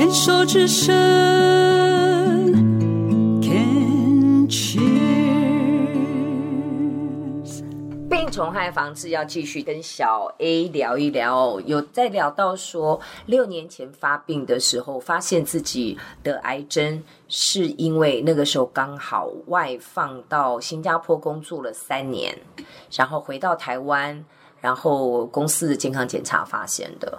堅守之聲，Can cheers。病蟲害防治，要繼續跟小 A 聊一聊，哦，有在聊到說六年前發病的時候，發現自己的癌症，是因為那個時候剛好外放到新加坡工作了三年，然後回到台灣，然後公司的健康檢查發現的，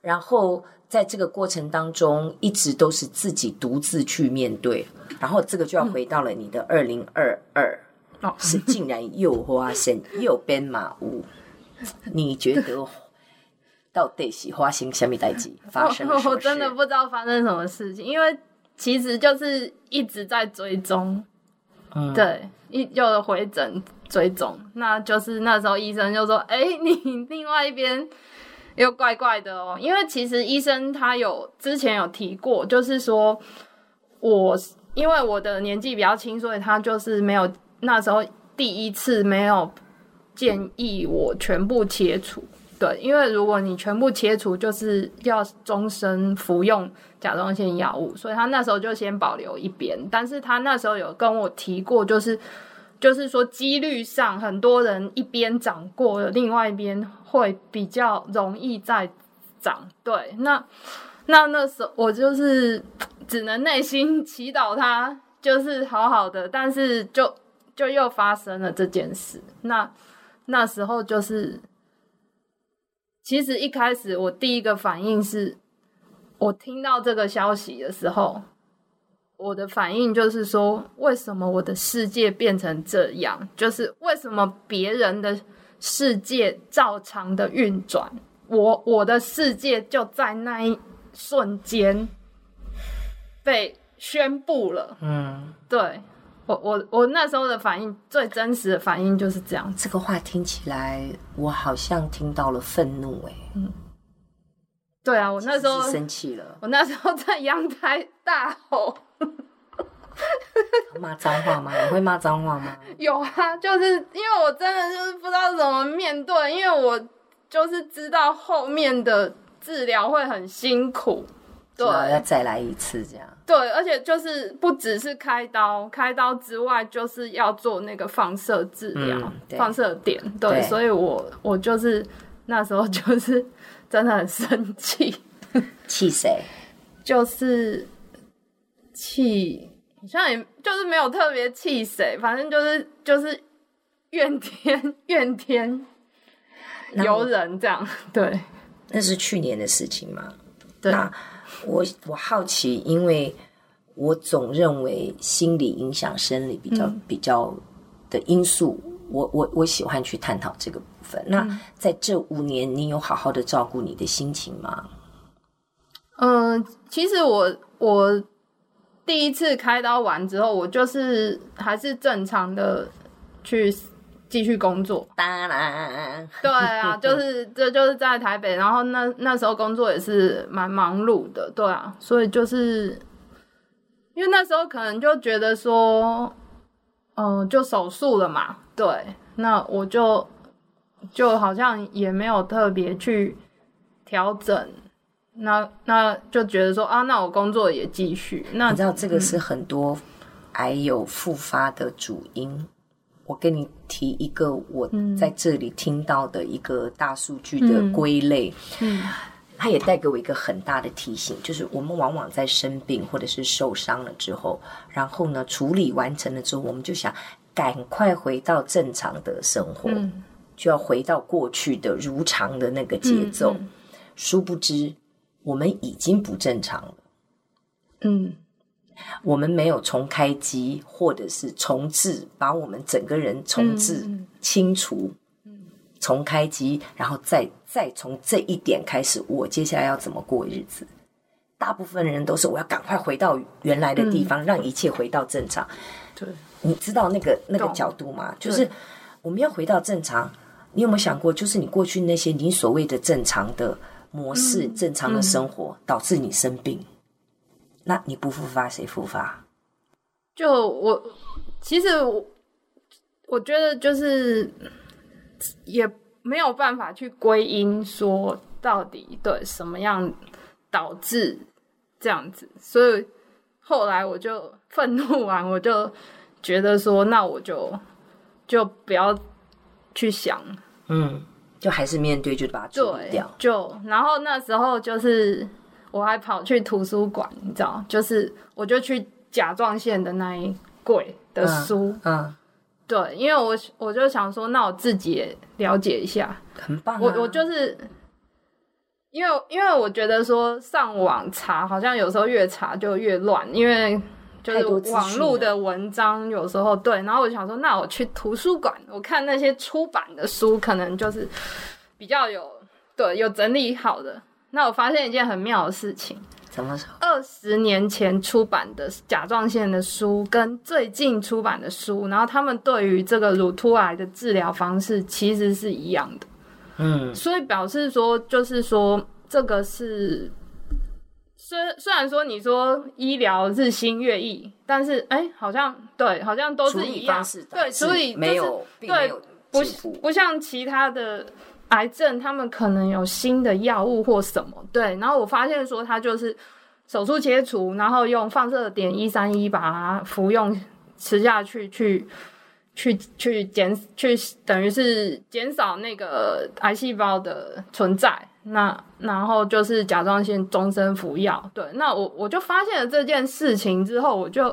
然後。在這個過程當中，一直都是自己獨自去面對，然後這個就要回到了你的二零二二，是竟然又發生 又變馬舞，你覺得到底是發生什麼代志發生我？我真的不知道發生什麼事情，因為其實就是一直在追蹤，嗯，對，又又回診追蹤，那就是那時候醫生就說：“哎、欸，你另外一邊。”又怪怪的哦，因為其實醫生他有之前有提過，就是說我因為我的年紀比較輕，所以他就是沒有那時候第一次沒有建議我全部切除，嗯、對，因為如果你全部切除，就是要終身服用甲狀腺藥物，所以他那時候就先保留一邊，但是他那時候有跟我提過，就是。就是說，幾率上很多人一邊長過了，另外一邊會比較容易再長。對，那那那時候我就是只能內心祈禱他就是好好的，但是就就又發生了這件事。那那時候就是，其實一開始我第一個反應是我聽到這個消息的時候。我的反應就是說，為什麼我的世界變成這樣？就是為什麼別人的世界照常的運轉，我我的世界就在那一瞬間被宣布了。嗯，對我我我那時候的反應最真實的反應就是這樣。這個話聽起來，我好像聽到了憤怒，欸，誒，嗯。對啊，我那時候生氣了，我那時候在陽台大吼，罵髒話嗎？你會罵髒話嗎？有啊，就是因為我真的就是不知道怎麼面對，因為我就是知道後面的治療會很辛苦，對，要再來一次這樣。對，而且就是不只是開刀，開刀之外就是要做那個放射治療，嗯、放射碘。對，對所以我我就是那時候就是。真的很生氣，氣誰誰？ 就是氣好像也就是沒有特別氣誰，反正就是就是怨天、怨天尤人這樣。我對，那是去年的事情嘛。對，我我好奇，因為我總認為心理影響生理比較、嗯、比較的因素。我我我喜歡去探討這個部分。那在這五年，你有好好的照顧你的心情嗎？嗯，其實我我第一次開刀完之後，我就是還是正常的去繼續工作。當然啦，對啊，就是這 就，就是在台北，然後那那時候工作也是蠻忙碌的，對啊，所以就是因為那時候可能就覺得說。嗯、呃，就手術了嘛？對，那我就就好像也沒有特別去調整，那那就覺得說啊，那我工作也繼續。那你知道這個是很多癌友復發的主因。嗯、我給你提一個我在這裡聽到的一個大數據的歸類。嗯嗯它也帶給我一個很大的提醒，就是我們往往在生病或者是受傷了之後，然後呢，處理完成了之後，我們就想趕快回到正常的生活，嗯、就要回到過去的如常的那個節奏。嗯嗯、殊不知，我們已經不正常了。嗯，我們沒有重開機或者是重置，把我們整個人重置、嗯、清除。重開機，然後再再從這一點開始，我接下來要怎麼過日子？大部分人都是我要趕快回到原來的地方，嗯、讓一切回到正常。對，你知道那個那個角度嗎？嗯、就是我們要回到正常。對你有沒有想過，就是你過去那些你所謂的正常的模式、嗯、正常的生活，導致你生病？嗯、那你不復發，誰復發？就我，其實我，我覺得就是。也沒有辦法去歸因說，到底對什麼樣導致這樣子，所以後來我就憤怒完，我就覺得說，那我就就不要去想，嗯，就還是面對，就把它做掉。就然後那時候就是我還跑去圖書館，你知道，就是我就去甲狀腺的那一櫃的書，嗯。嗯對，因為我我就想說，那我自己也了解一下，很棒啊。我我就是因為因為我覺得說上網查好像有時候越查就越亂，因為就是網絡的文章有時候對。然後我想說，那我去圖書館，我看那些出版的書，可能就是比較有對有整理好的。那我發現一件很妙的事情。二十年前出版的甲狀腺的書，跟最近出版的書，然後他們對於這個乳突癌的治療方式其實是一樣的。嗯，所以表示說，就是說這個是雖，雖雖然說你說醫療日新月異，但是哎、欸，好像對，好像都是一樣的對，所以，就是，沒有對，沒有不不像其他的。癌症，他們可能有新的藥物或什麼，對，然後我發現說他就是手術切除，然後用放射碘一三一把它服用吃下去，去去去減去，等於是減少那個癌細胞的存在。那然後就是甲狀腺終身服藥。對，那我我就發現了這件事情之後，我就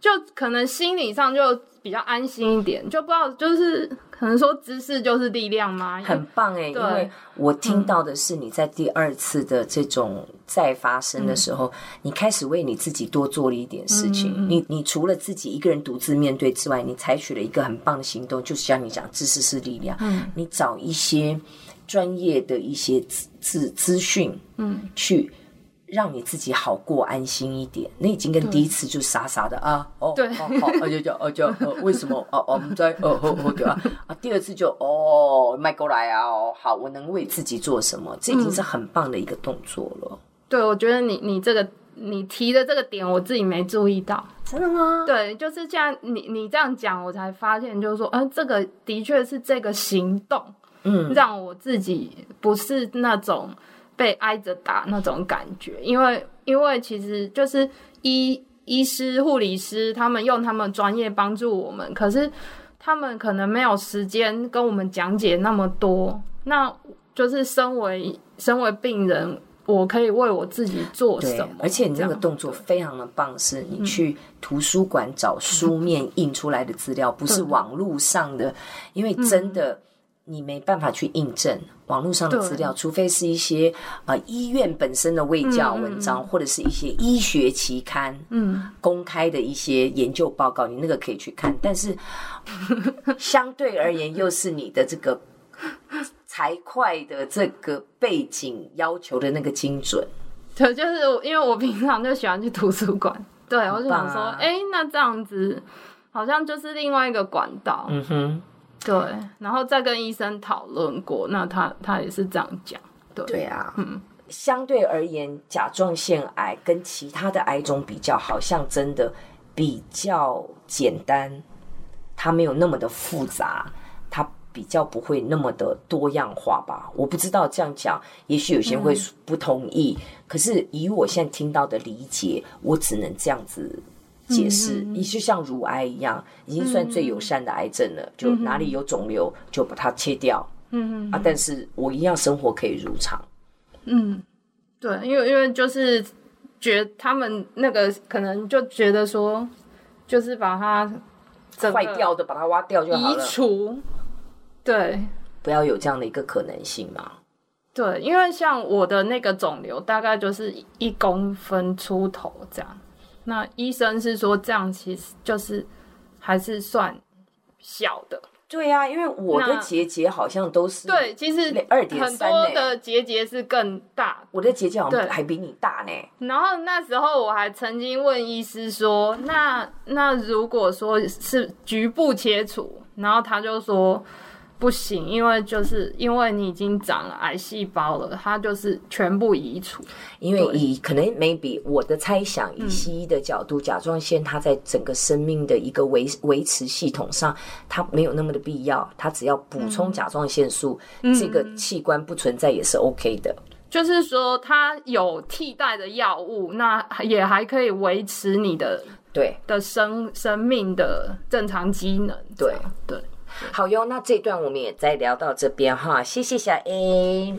就可能心理上就比較安心一點，就不知道就是。可能說知識就是力量嗎？很棒哎、欸，對因為我聽到的是你在第二次的這種再發生的時候，嗯、你開始為你自己多做了一點事情。嗯、你你除了自己一個人獨自面對之外，你採取了一個很棒的行動，就是像你講，知識是力量。嗯、你找一些專業的一些資資，資訊，嗯，去。讓你自己好過、安心一點。那已經跟第一次就傻傻的對啊，哦，好，好，就叫啊叫啊，為什麼哦，啊？我們在哦哦哦，對、啊、吧、啊？啊，第二次就哦，邁過來啊，好，我能為自己做什麼？這已經是很棒的一個動作了。對，我覺得你你這個你提的這個點，我自己沒注意到，真的嗎？對，就是像你你這樣講，我才發現，就是說，啊、呃，這個的確是這個行動，嗯，讓我自己不是那種。被挨着打那種感覺，因為因為其實就是醫醫師、護理師他們用他們專業幫助我們，可是他們可能沒有時間跟我們講解那麼多。那就是身為身為病人，我可以為我自己做什麼？對樣而且你這個動作非常的棒，對是你去圖書館找書面印出來的資料， 不是網路上的， 對因為真的。 你沒辦法去印證網絡上的資料，對除非是一些啊、呃、醫院本身的衛教文章，嗯、或者是一些醫學期刊，嗯，公開的一些研究報告，你那個可以去看。但是相對而言，又是你的這個財會的這個背景要求的那個精準。對，就是因為我平常就喜歡去圖書館。對，啊、我就想說，哎、欸，那這樣子好像就是另外一個管道。嗯哼。對，然後再跟醫生討論過，那他他也是這樣講，對對啊，嗯，相對而言，甲狀腺癌跟其他的癌種比較，好像真的比較簡單，它沒有那麼的複雜，它比較不會那麼的多樣化吧？我不知道這樣講，也許有些人會不同意，嗯，可是以我現在聽到的理解，我只能這樣子。解釋，你就像乳癌一樣，已經算最友善的癌症了。嗯、就哪裡有腫瘤，就把它切掉。嗯嗯啊，但是我一樣生活可以如常。嗯，對，因為因為就是覺他們那個可能就覺得說，就是把它壞掉的，把它挖掉就好了。移除，對，不要有這樣的一個可能性嘛。對，因為像我的那個腫瘤，大概就是一公分出頭這樣。那醫生是說，這樣，其實就是還是算小的。對呀、啊，因為我的結節好像都是 2. 對，其實很多的結節是更大。我的結節好像還比你大呢。然後那時候我還曾經問醫師說：“那那如果說是局部切除，然後他就說。”不行，因為就是因為你已經長了癌細胞了，它就是全部移除。因為以可能 maybe 我的猜想，以西醫的角度，嗯、甲狀腺它在整個生命的一個維維持系統上，它沒有那麼的必要，它只要補充甲狀腺素，嗯、這個器官不存在也是 OK 的。就是說，它有替代的藥物，那也還可以維持你的對的生生命的正常機能。對對。對好喲，那這一段我們也再聊到這邊哈，謝謝小 A。